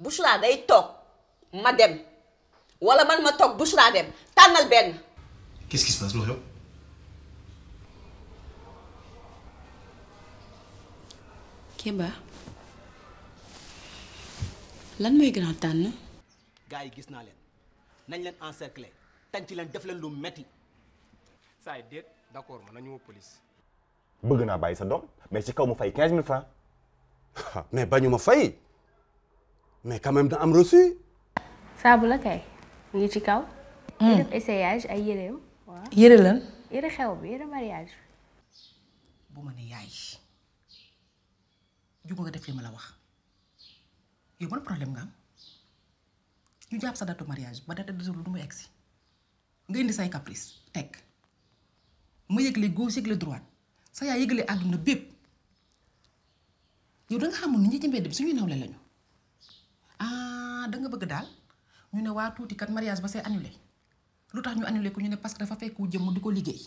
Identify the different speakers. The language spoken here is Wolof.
Speaker 1: Bouchra day tok ma dem wala man ma tok Bouchra dem tanal ben
Speaker 2: qu'est-ce qui se passe lu
Speaker 3: Keba lan moy grand tan
Speaker 4: gars yi gis na len nañ len encercler tan ci len def len lu metti saa yi déet d'accord man nañu police.
Speaker 5: bëgg na bàyyi sa dom mais ci kaw mu fay 15000 francs mais bañuma fay mais quand même da am reçu.
Speaker 6: saabu la kay mu ngi ci kaw. di hmm. def essayage ay yéreem.
Speaker 7: wa yere lan.
Speaker 8: yere xew bi yere mariage bi.
Speaker 7: bu ma ne yaay ju nga def li ma la wax yow ban problème nga am ñu jàpp sa datu mariage ba date de jour du mu nga indi say caprice teg ma yëgle gauche yëgle droite sa yaay yëgle àdduna bépp yow da nga xamul ni ñi ci mbedd bi nawle lañu. da nga bëgg daal ñu ne waa tuuti kat mariage ba see annulé lu tax ñu annulé ko ñu
Speaker 2: ne parce que dafa fekk jëmm di ko liggéey.